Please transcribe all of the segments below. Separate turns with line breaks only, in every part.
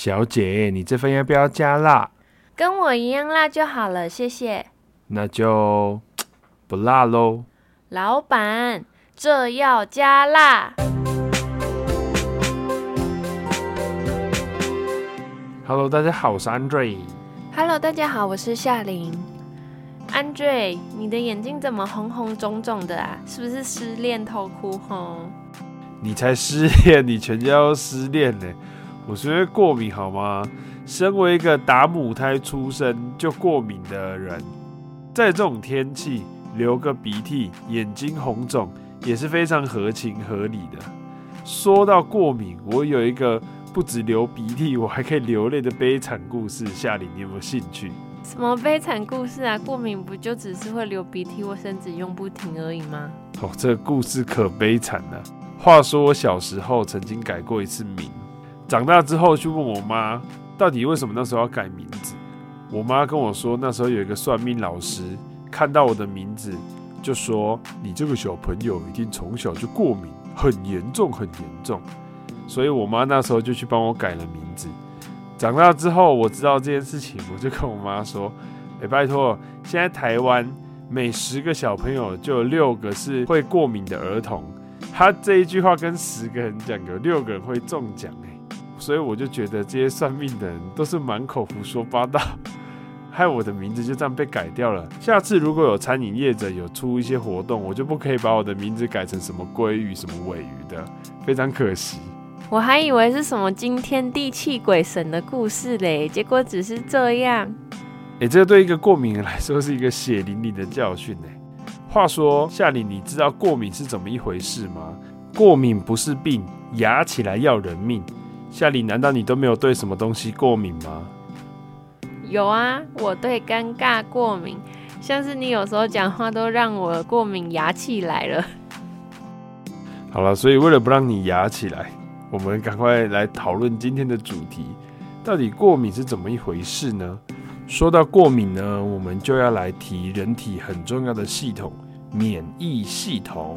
小姐，你這份要不要加辣？
跟我一樣辣就好了，謝謝。
那就不辣嘍。
老闆，這要加辣。
Hello，大家好，我是 Andre。
Hello，大家好，我是夏琳。Andre，你的眼睛怎麼紅紅腫腫的啊？是不是失戀痛哭紅？哼，
你才失戀，你全家都失戀呢、欸。我覺得過敏好嗎？身為一個打母胎出生就過敏的人，在這種天氣流個鼻涕，眼睛紅腫也是非常合情合理的。說到過敏，我有一個不止流鼻涕，我還可以流淚的悲慘故事。夏玲，你有沒有興趣？
什麼悲慘故事啊？過敏不就只是會流鼻涕或身子用不停而已嗎？
哦，這個故事可悲慘了啊。話說我小時候曾經改過一次名。長大之後去問我媽，到底為什麼那時候要改名字？我媽跟我說，那時候有一個算命老師看到我的名字，就說你這個小朋友一定從小就過敏，很嚴重，很嚴重。所以我媽那時候就去幫我改了名字。長大之後我知道這件事情，我就跟我媽說、欸：“拜託，現在台灣每十個小朋友就有六個是會過敏的兒童。”他這一句話跟十個人講，有六個人會中獎欸。所以我就覺得這些算命的人都是滿口胡說八道，害我的名字就這樣被改掉了。下次如果有餐飲業者有出一些活動，我就不可以把我的名字改成什麼鮭魚、什麼鮪魚的，非常可惜。
我還以為是什麼驚天地泣鬼神的故事嘞，結果只是這樣。
誒、欸，這個、對一個過敏人來說是一個血淋淋的教訓、欸、話說夏琳，你知道過敏是怎麼一回事嗎？過敏不是病，牙起來要人命。夏里，難道你都沒有對什麼東西過敏嗎？
有啊，我對尷尬過敏，像是你有時候講話都讓我過敏，牙起來了。
好了，所以為了不讓你牙起來，我們趕快來討論今天的主題，到底過敏是怎麼一回事呢？說到過敏呢，我們就要來提人體很重要的系統。免疫系統，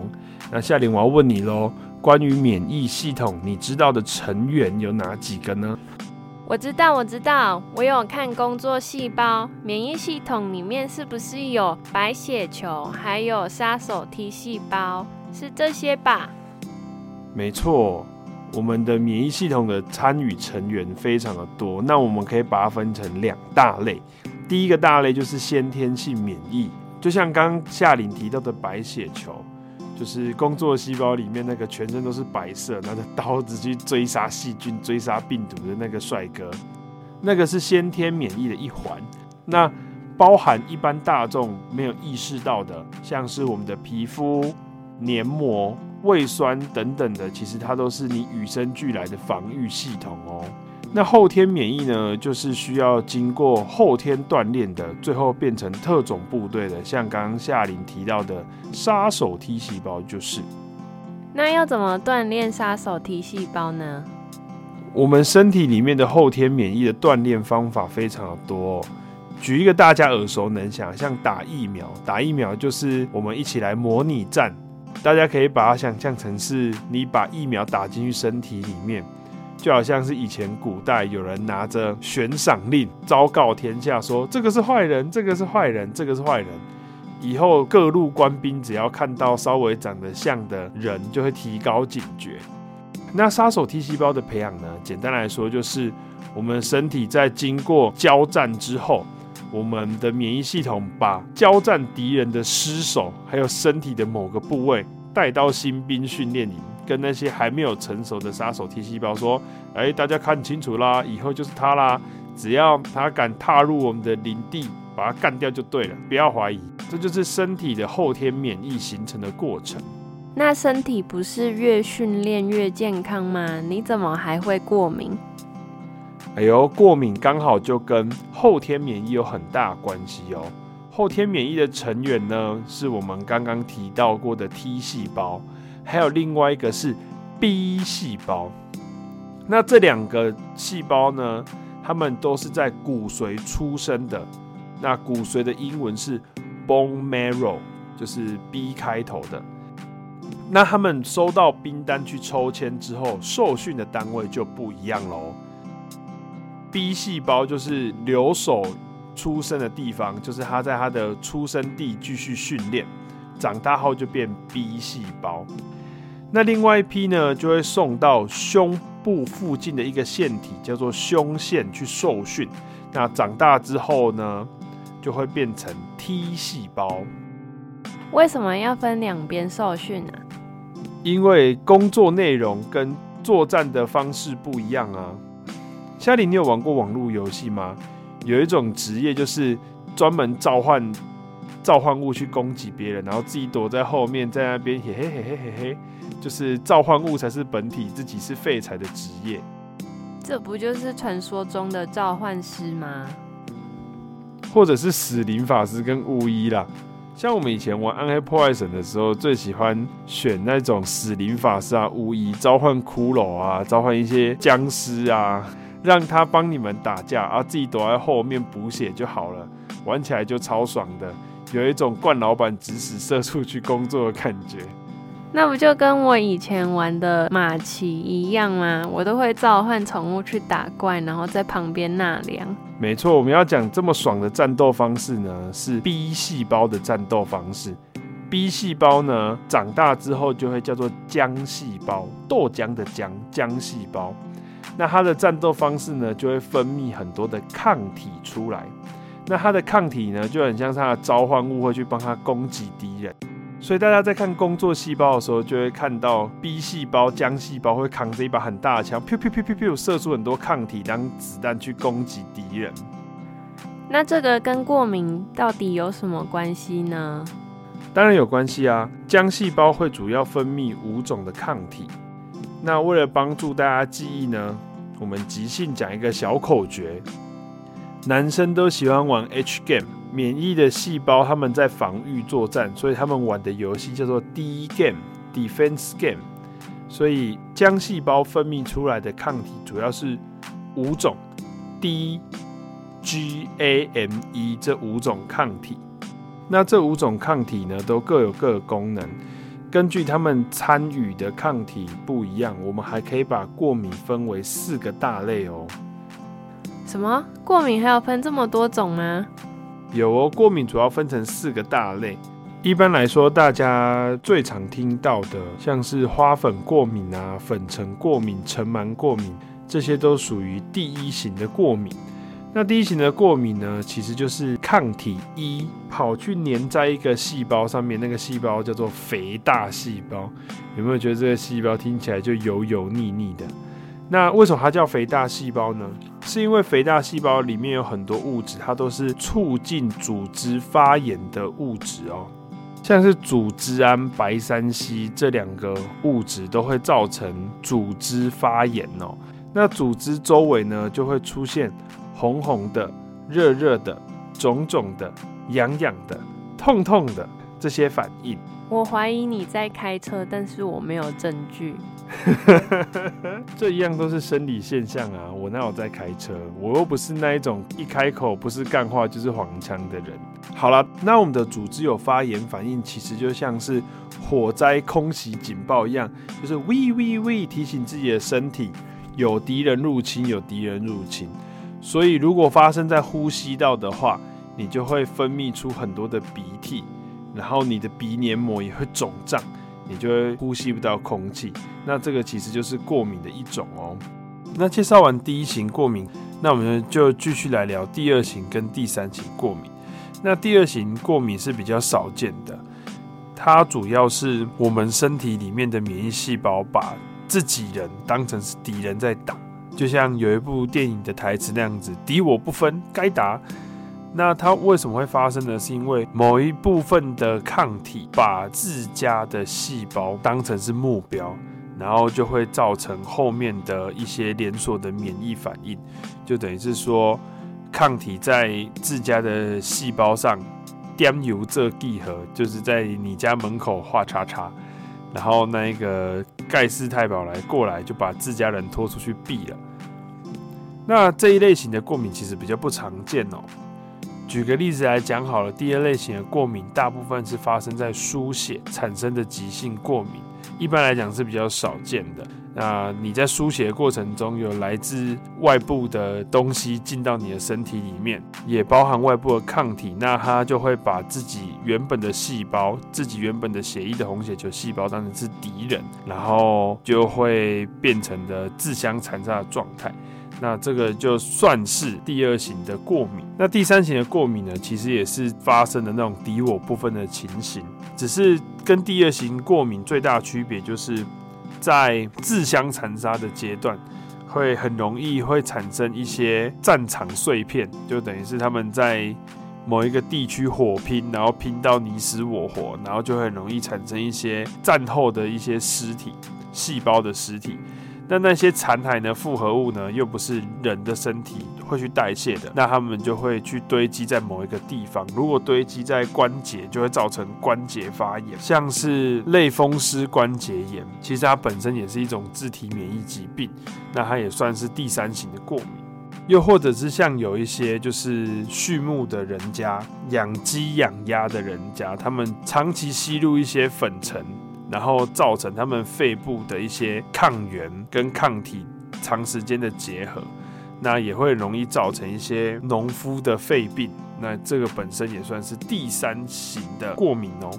那夏琳我要問你嘍。關於免疫系統，你知道的成員有哪幾個呢？
我知道，我知道，我有看工作細胞。免疫系統裡面是不是有白血球，還有殺手 T 細胞？是這些吧？
沒錯，我們的免疫系統的參與成員非常的多。那我們可以把它分成兩大類，第一個大類就是先天性免疫。就像剛剛夏琳提到的白血球，就是工作細胞裡面那個全身都是白色拿着刀子去追殺細菌、追殺病毒的那個帥哥，那個是先天免疫的一環。那包含一般大眾沒有意識到的，像是我們的皮膚、黏膜、胃酸等等的，其實它都是你與生俱來的防禦系統哦。那後天免疫呢？就是需要經過後天鍛鍊的，最後變成特種部隊的。像剛剛夏琳提到的殺手 T 細胞，就是。
那要怎麼鍛鍊殺手 T 細胞呢？
我們身體裡面的後天免疫的鍛鍊方法非常的多哦。舉一個大家耳熟能詳，像打疫苗。打疫苗就是我們一起來模擬戰，大家可以把它想象成是你把疫苗打進去身體裡面。就好像是以前古代有人拿着懸賞令昭告天下說這個是壞人，這個是壞人，這個是壞人。以後各路官兵只要看到稍微長得像的人，就會提高警覺。那殺手 T 細胞的培養呢？簡單來說，就是我們身體在經過交戰之後，我們的免疫系統把交戰敵人的屍首，還有身體的某個部位帶到新兵訓練營。跟那些還沒有成熟的殺手 T 細胞說：“哎，大家看清楚啦，以後就是他啦！只要他敢踏入我們的領地，把他幹掉就對了，不要懷疑。”這就是身體的後天免疫形成的過程。
那身體不是越訓練越健康嗎？你怎麼還會過敏？
哎呦，過敏剛好就跟後天免疫有很大關係哦。後天免疫的成員呢，是我們剛剛提到過的 T 細胞。還有另外一個是 B 細胞，那這兩個細胞呢？它們都是在骨髓出生的。那骨髓的英文是 bone marrow，就是 B 開頭的。那他們收到兵單去抽籤之後，受訓的單位就不一樣嘍。B 細胞就是留守出生的地方，就是他在他的出生地繼續訓練，長大後就變 B 細胞。那另外一批呢，就會送到胸部附近的一個腺體，叫做胸腺去受訓。那長大之後呢，就會變成 T 細胞。
為什麼要分兩邊受訓呢、啊？
因為工作內容跟作戰的方式不一樣啊。夏玲，你有玩過網絡遊戲嗎？有一種職業就是專門召喚召喚物去攻擊別人，然後自己躲在後面，在那邊嘿嘿嘿嘿嘿嘿。就是召喚物才是本體，自己是廢柴的職業。
這不就是傳說中的召喚師嗎？
或者是死靈法師跟巫醫啦。像我們以前玩暗黑破壞神的時候，最喜歡選那種死靈法師啊、巫醫，召喚骷髏啊，召喚一些僵屍啊，讓他幫你們打架，啊，自己躲在後面補血就好了，玩起來就超爽的，有一種慣老闆指使社畜去工作的感覺。
那不就跟我以前玩的馬奇一樣嗎？我都會召喚寵物去打怪，然後在旁邊納涼。
沒錯，我們要講這麼爽的戰鬥方式呢，是 B 細胞的戰鬥方式。B 細胞呢，長大之後就會叫做漿細胞，豆漿的漿，漿細胞。那它的戰鬥方式呢，就會分泌很多的抗體出來。那它的抗體呢，就很像是它的召喚物會去幫它攻擊敵人。所以大家在看工作細胞的時候，就會看到 B 細胞、漿細胞會扛着一把很大的槍，噗噗噗噗噗射出很多抗體當子彈去攻擊敵人。
那這個跟過敏到底有什麼關係呢？
當然有關係啊！漿細胞會主要分泌五種的抗體。那為了幫助大家記憶呢，我們即興講一個小口訣：男生都喜歡玩 H game。免疫的細胞他們在防御作戰，所以他們玩的遊戲叫做 D game defense game。所以漿細胞分泌出來的抗體主要是五種 D G A M E 這五種抗體。那這五種抗體呢，都各有各的功能。根據他們參與的抗體不一樣，我們還可以把過敏分為四個大類哦、喔。
什麼過敏還要分這麼多種嗎？
有哦，過敏主要分成四個大類。一般來說，大家最常聽到的，像是花粉過敏啊、粉塵過敏、塵蟎過敏，這些都屬於第一型的過敏。那第一型的過敏呢，其實就是抗體 IgE 跑去粘在一個細胞上面，那個細胞叫做肥大細胞。有沒有覺得這個細胞聽起來就油油膩膩的？那為什麼它叫肥大細胞呢？是因為肥大細胞裡面有很多物質，它都是促進組織發炎的物質哦。像是組織胺、白三烯這兩個物質都會造成組織發炎哦、喔。那組織周圍呢，就會出現紅紅的、熱熱的、腫腫的、癢癢的、痛痛的這些反應。
我懷疑你在開車，但是我沒有證據。
這一樣都是生理現象啊！我哪有在開車，我又不是那一種一開口不是幹話就是黃腔的人。好了，那我們的組織有發炎反應，其實就像是火災空襲警報一樣，就是喂喂喂，提醒自己的身體有敵人入侵，有敵人入侵。所以如果發生在呼吸道的話，你就會分泌出很多的鼻涕。然後你的鼻黏膜也會腫脹，你就會呼吸不到空氣。那這個其實就是過敏的一種哦、喔。那介紹完第一型過敏，那我們就繼續來聊第二型跟第三型過敏。那第二型過敏是比較少見的，它主要是我們身體裡面的免疫細胞把自己人當成是敵人在打，就像有一部電影的台詞那樣子：敵我不分，該打。那它為什麼會發生呢？是因為某一部分的抗體把自家的細胞當成是目標，然後就會造成後面的一些連鎖的免疫反應，就等於是說，抗體在自家的細胞上點油做記號，就是在你家門口畫叉叉，然後那個蓋世太保來過來就把自家人拖出去斃了。那這一類型的過敏其實比較不常見哦、喔。舉個例子來講好了，第二類型的過敏，大部分是發生在輸血產生的急性過敏，一般來講是比較少見的。那你在書寫過程中有來自外部的東西進到你的身體裡面，也包含外部的抗體，那它就會把自己原本的細胞、自己原本的血液的紅血球細胞當成是敵人，然後就會變成的自相殘殺的狀態。那這個就算是第二型的過敏。那第三型的過敏呢，其實也是發生的那種敵我不分的情形，只是跟第二型過敏最大區別就是。在自相殘殺的階段，會很容易會產生一些戰場碎片，就等於是他們在某一個地區火拼，然後拼到你死我活，然後就很容易產生一些戰後的一些屍體、細胞的屍體。那那些殘骸呢？複合物呢？又不是人的身體會去代謝的，那他們就會去堆積在某一個地方。如果堆積在關節，就會造成關節發炎，像是類風濕關節炎，其實它本身也是一種自體免疫疾病。那它也算是第三型的過敏，又或者是像有一些就是畜牧的人家，養雞養鴨的人家，他們長期吸入一些粉塵。然後造成他們肺部的一些抗原跟抗體長時間的結合，那也會容易造成一些農夫的肺病。那這個本身也算是第三型的過敏哦。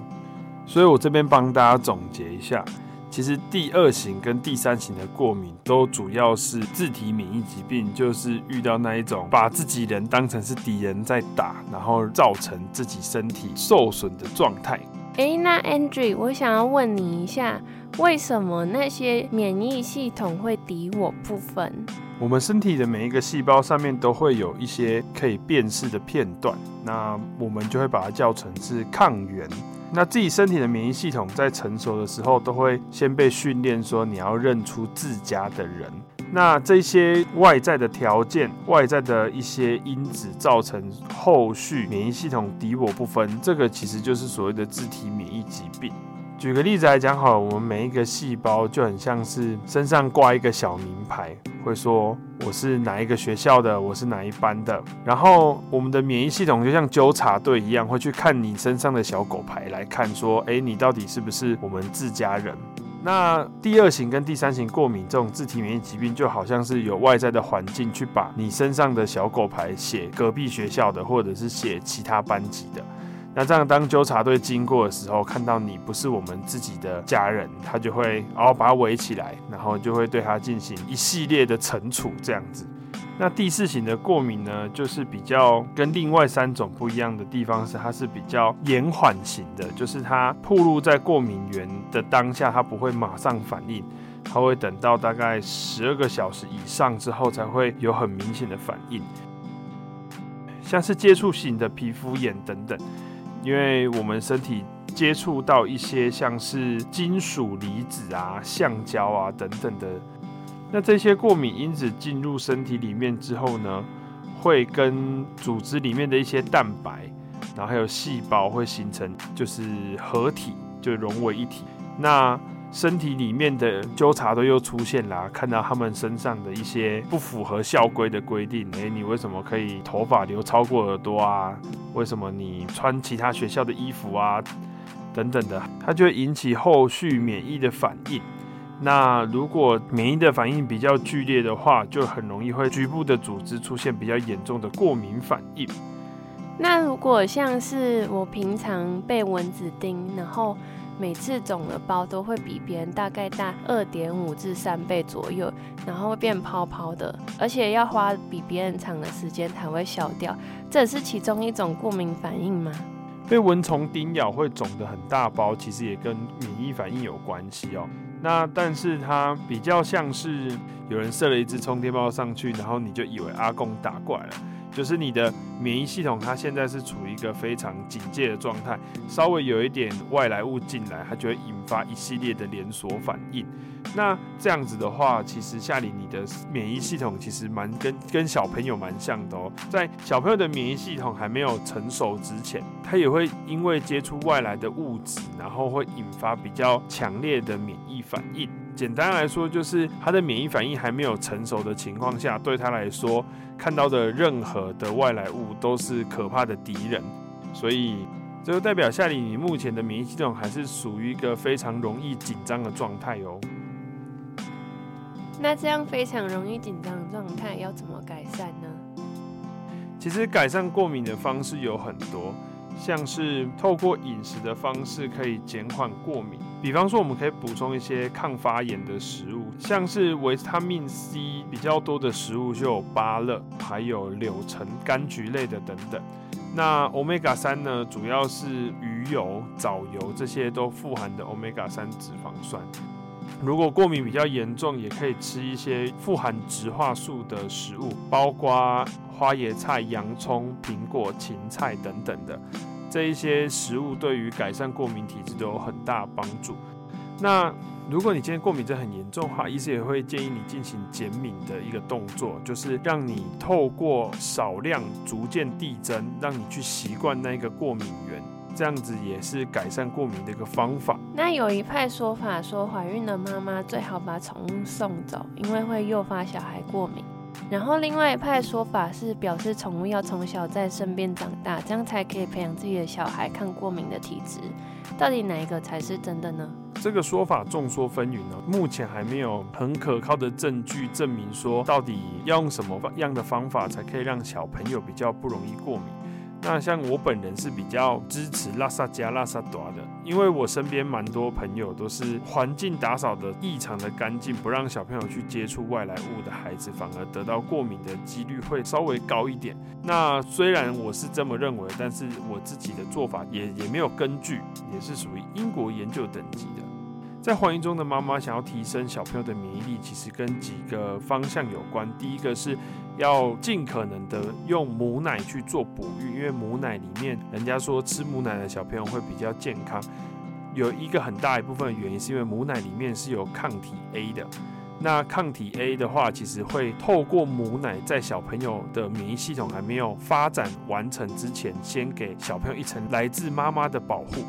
所以我這邊幫大家總結一下，其實第二型跟第三型的過敏都主要是自體免疫疾病，就是遇到那一種把自己人當成是敵人在打，然後造成自己身體受損的狀態。
哎、欸，那 Andrew，我想要問你一下，為什麼那些免疫系統會敵我不分？
我們身體的每一個細胞上面都會有一些可以辨識的片段，那我們就會把它叫成是抗原。那自己身體的免疫系統在成熟的時候，都會先被訓練說，你要認出自家的人。那這些外在的條件、外在的一些因子造成後續免疫系統敵我不分，這個其實就是所謂的自體免疫疾病。舉個例子來講，好了，我們每一個細胞就很像是身上掛一個小名牌，會說我是哪一個學校的，我是哪一班的。然後我們的免疫系統就像糾察隊一樣，會去看你身上的小狗牌，來看說，哎，你到底是不是我們自家人？那第二型跟第三型過敏這種自體免疫疾病，就好像是有外在的環境去把你身上的小狗牌寫隔壁學校的，或者是寫其他班級的。那這樣，當糾察隊經過的時候，看到你不是我們自己的家人，他就會哦，把它圍起來，然後就會對它進行一系列的懲處，這樣子。那第四型的過敏呢，就是比較跟另外三種不一樣的地方是，它是比較延緩型的，就是它暴露在過敏原的當下，它不會馬上反應，它會等到大概十二個小時以上之後才會有很明顯的反應，像是接觸型的皮膚炎等等。因為我們身體接觸到一些像是金屬離子啊、橡膠啊等等的。那這些過敏因子進入身體裡面之後呢，會跟組織裡面的一些蛋白，然後還有細胞會形成，就是合體，就融為一體。那身體裡面的糾察隊又出現了啊，看到他們身上的一些不符合校規的規定，誒，你為什麼可以頭髮留超過耳朵啊？為什麼你穿其他學校的衣服啊？等等的，它就會引起後續免疫的反應。那如果免疫的反應比較劇烈的話，就很容易會局部的組織出現比較嚴重的過敏反應。
那如果像是我平常被蚊子叮，然後。每次腫的包都會比別人大概大二點五至三倍左右，然後會變泡泡的，而且要花比別人長的時間才會消掉，這也是其中一種過敏反應嗎？
被蚊蟲叮咬會腫的很大包，其實也跟免疫反應有關係哦、喔。那但是它比較像是有人射了一支充電包上去，然後你就以為阿公打怪了。就是你的免疫系統，它現在是處於一個非常警戒的狀態，稍微有一點外來物進來，它就會引發一系列的連鎖反應。那這樣子的話，其實夏琳，你的免疫系統其實蠻跟跟小朋友蠻像的哦、喔，在小朋友的免疫系統還沒有成熟之前，他也會因為接觸外來的物質，然後會引發比較強烈的免疫反應。簡單來說，就是他的免疫反應還沒有成熟的情況下，對他來說，看到的任何的外來物都是可怕的敵人，所以這就代表夏琳，你目前的免疫系統還是屬於一個非常容易緊張的狀態哦。
那這樣非常容易緊張的狀態要怎麼改善呢？
其實改善過敏的方式有很多。像是透過飲食的方式可以減緩過敏，比方說我們可以補充一些抗發炎的食物，像是維他命 C 比較多的食物就有芭樂，還有柳橙、柑橘類的等等。那 Omega 三呢，主要是魚油、藻油這些都富含的 Omega 三脂肪酸。如果過敏比較嚴重，也可以吃一些富含植化素的食物，包括。花椰菜、洋蔥、蘋果、芹菜等等的這一些食物，對於改善過敏體質都有很大幫助。那如果你今天過敏症很嚴重的話，醫師也會建議你進行減敏的一個動作，就是讓你透過少量逐漸遞增，讓你去習慣那個過敏源，這樣子也是改善過敏的一個方法。
那有一派說法說，懷孕的媽媽最好把寵物送走，因為會誘發小孩過敏。然後另外一派說法是表示寵物要從小在身邊長大，這樣才可以培養自己的小孩抗過敏的體質。到底哪一個才是真的呢？
這個說法眾說紛紜呢，目前還沒有很可靠的證據證明說到底要用什麼樣的方法才可以讓小朋友比較不容易過敏。那像我本人是比較支持拉薩加拉薩朵的，因為我身邊蠻多朋友都是環境打掃得異常的乾淨，不讓小朋友去接觸外來物的孩子，反而得到過敏的幾率會稍微高一點。那雖然我是這麼認為，但是我自己的做法也也沒有根據，也是屬於英國研究等級的。在懷孕中的媽媽想要提升小朋友的免疫力，其實跟幾個方向有關。第一個是。要盡可能的用母奶去做哺育，因為母奶裡面，人家說吃母奶的小朋友會比較健康。有一個很大一部分的原因，是因為母奶裡面是有抗體 A 的。那抗體 A 的話，其實會透過母奶，在小朋友的免疫系統還沒有發展完成之前，先給小朋友一層來自媽媽的保護。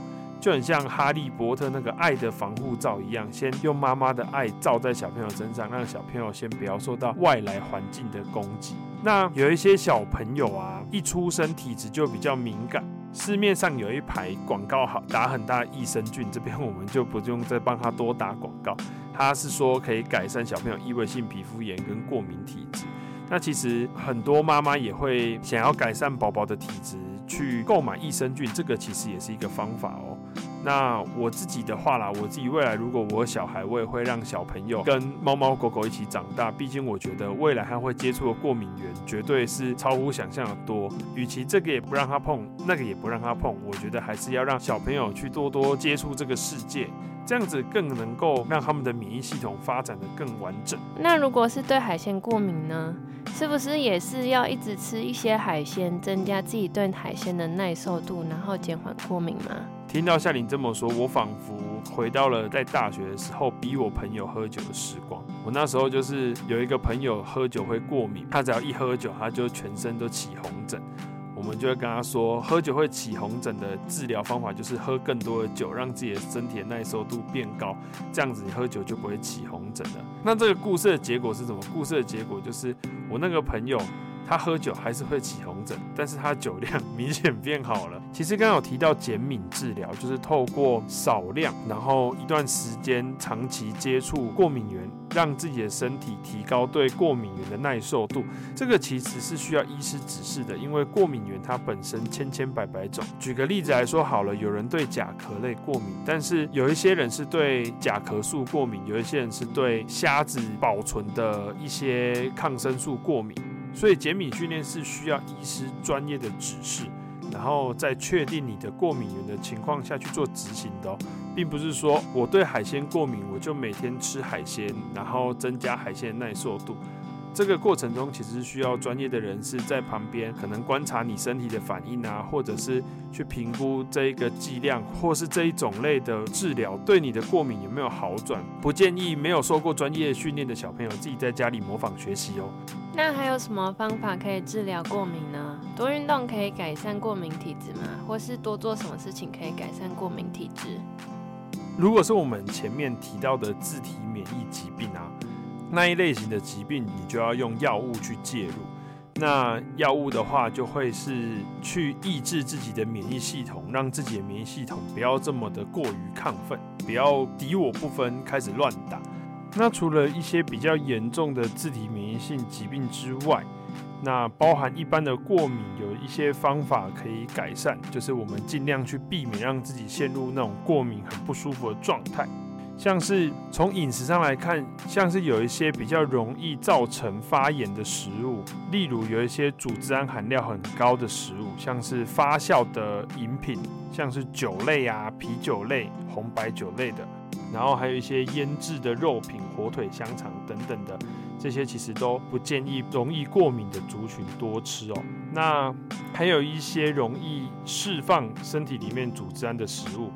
就很像哈利波特那個愛的防護罩一樣，先用媽媽的愛罩在小朋友身上，讓小朋友先不要受到外來環境的攻擊。那有一些小朋友啊，一出生體質就比較敏感。市面上有一排廣告好打很大的益生菌，這邊我們就不用再幫他多打廣告。他是說可以改善小朋友異位性皮膚炎跟過敏體質。那其實很多媽媽也會想要改善寶寶的體質，去購買益生菌，這個其實也是一個方法哦。那我自己的話啦，我自己未來如果我小孩，我也會讓小朋友跟貓貓狗狗一起長大。畢竟我覺得未來他會接觸的過敏源絕對是超乎想象的多。與其這個也不讓他碰，那個也不讓他碰，我覺得還是要讓小朋友去多多接觸這個世界，這樣子更能夠讓他們的免疫系統發展得更完整。
那如果是對海鮮過敏呢？是不是也是要一直吃一些海鮮，增加自己對海鮮的耐受度，然後減緩過敏嗎？
聽到夏林這麼說，我仿佛回到了在大學的時候逼我朋友喝酒的時光。我那時候就是有一個朋友喝酒會過敏，他只要一喝酒，他就全身都起紅疹。我們就會跟他說，喝酒會起紅疹的治療方法就是喝更多的酒，讓自己的身體的耐受度變高，這樣子你喝酒就不會起紅疹了。那這個故事的結果是什麼？故事的結果就是我那個朋友。他喝酒還是會起紅疹，但是他酒量明顯變好了。其實剛剛有提到減敏治療，就是透過少量，然後一段時間長期接觸過敏原，讓自己的身體提高對過敏原的耐受度。這個其實是需要醫師指示的，因為過敏原它本身千千百百種。舉個例子來說好了，有人對甲殼類過敏，但是有一些人是對甲殼素過敏，有一些人是對蝦子保存的一些抗生素過敏。所以，減敏訓練是需要醫師專業的指示，然後在確定你的過敏源的情況下去做執行的哦，並不是說我對海鮮過敏，我就每天吃海鮮，然後增加海鮮耐受度。這個過程中其實需要專業的人士在旁邊，可能觀察你身體的反應啊，或者是去評估這一個劑量，或是這一種類的治療對你的過敏有沒有好轉。不建議沒有受過專業訓練的小朋友自己在家裡模仿學習哦。
那還有什麼方法，可以治療過敏呢？多運動可以改善過敏體質嗎？或是多做什麼事情可以改善過敏體質？
如果是我們前面提到的自體免疫疾病啊，那一類型的疾病，你就要用藥物去介入。那藥物的話，就會是去抑制自己的免疫系統，讓自己的免疫系統不要這麼的過於亢奮，不要敵我不分，開始亂打。那除了一些比較嚴重的自體免疫性疾病之外，那包含一般的過敏，有一些方法可以改善，就是我們盡量去避免讓自己陷入那種過敏很不舒服的狀態。像是從飲食上來看，像是有一些比較容易造成發炎的食物，例如有一些組織胺含量很高的食物，像是發酵的飲品，像是酒類啊、啤酒類、紅白酒類的。然後還有一些醃製的肉品、火腿、香腸等等的，這些其實都不建議容易過敏的族群多吃哦。那還有一些容易釋放身體裡面組織胺的食物，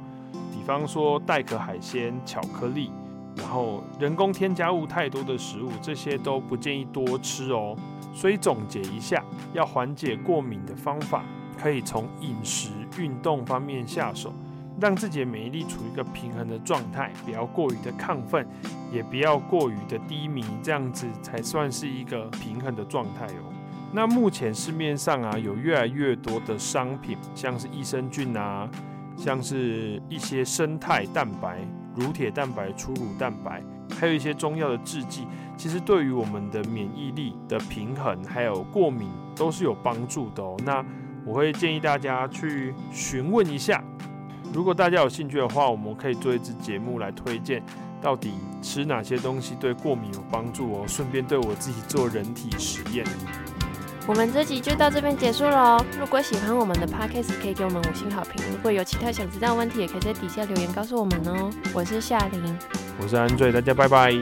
比方說帶殼海鮮、巧克力，然後人工添加物太多的食物，這些都不建議多吃哦。所以總結一下，要緩解過敏的方法，可以從飲食、運動方面下手。讓自己的免疫力處於一個平衡的狀態，不要過於的亢奮，也不要過於的低迷，這樣子才算是一個平衡的狀態哦。那目前市面上啊，有越來越多的商品，像是益生菌啊，像是一些生態蛋白、乳鐵蛋白、初乳蛋白，還有一些中藥的製劑，其實對於我們的免疫力的平衡還有過敏都是有幫助的哦。那我會建議大家去詢問一下。如果大家有興趣的話，我們可以做一支節目來推薦到底吃哪些東西對過敏有幫助哦。順便對我自己做人體實驗。
我們這集就到這邊結束了喔。如果喜歡我們的 Podcast，可以給我們五星好評。如果有其他想知道的問題，也可以在底下留言告訴我們哦。我是夏琳，
我是安醉，大家拜拜。